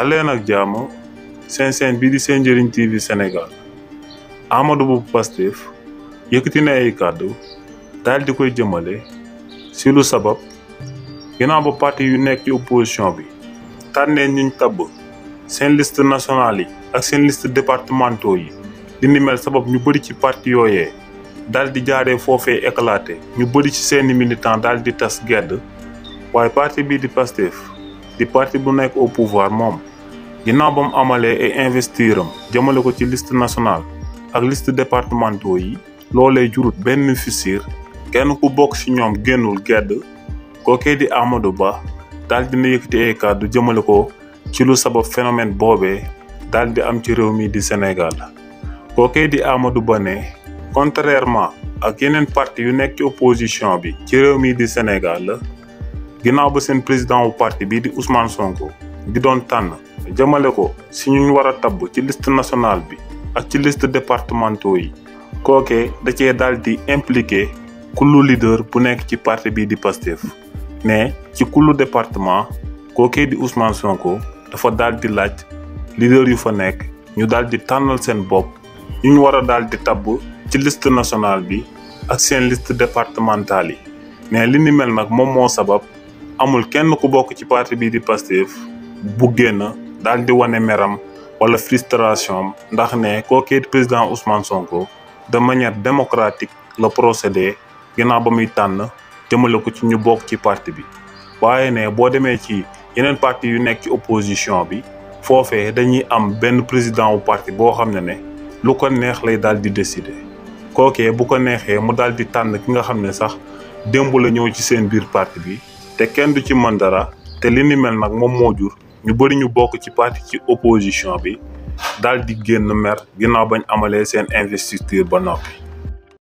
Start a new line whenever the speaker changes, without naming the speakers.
daleen ak jàmm seen seen bii di seen njëriñ TV Sénégal Amadou bu Pastef yëkkati na ay kàddu dal di koy jëmale si lu sabab ginnaaw ba parti yu nekk ci opposition bi tànnee ñuñ tabb seen liste nationale yi ak seen liste départementaux yi li ni mel sabab ñu bëri ci parti yooyee dal di jaaree foofee éclaté ñu bëri ci seeni militant dal di tas gedd waaye parti bii di Pastef di parti bu nekk au pouvoir moom ginnaaw ba mu amalee ay investiram jëmale ko ci liste national ak liste départementaux yi loolee jurut benn fissure kenn ku bokk ci ñoom génnul gedd kookee di Amadou Ba daal dina yëkkati ay kàddu jëmale ko ci lu sabab phénomène boobee daal di am ci réew mii di Sénégal kookee di Amadou Ba ne contrairement ak yeneen parti yu nekk ci opposition bi ci réew mii di Sénégal ginnaaw ba seen président wu parti bii di Ousmane Sonko di doon tànn jëmale ko si ñu war a tabb ci liste nationale bi ak ci liste départementaux yi kookee da cee daal di impliqué kullu leader bu nekk ci parti bii di Pastef mais ci kullu département kookee di Ousmane Sonko dafa daal di laaj leader yu fa nekk ñu daal di tànnal seen bopp ñu ñu war a daal di tabb ci liste nationale bi ak seen liste départementale yi mais li ni mel nag moom moo sabab amul kenn ku bokk ci parti bii di Pastef bu génn daal di wane meram wala frustration ndax ne kookee président Ousmane Sonko de manière démocratique la prosédé ginnaaw ba muy tànn jëmale ko ci ñu bokk ci parti bi waaye ne boo demee ci yeneen parti yu nekk ci opposition bi foofee dañuy am benn président wu parti boo xam ne ne lu ko neex lay daal di décider kookee bu ko neexee mu daal di tànn ki nga xam ne sax démb la ñëw ci seen biir parti bi te kenn du ci mën dara te li ni mel nag moom moo jur ñu bëri ñu bokk ci parti ci opposition bi daal di génn mer ginnaaw bañ amalee seen investiture ba noppi.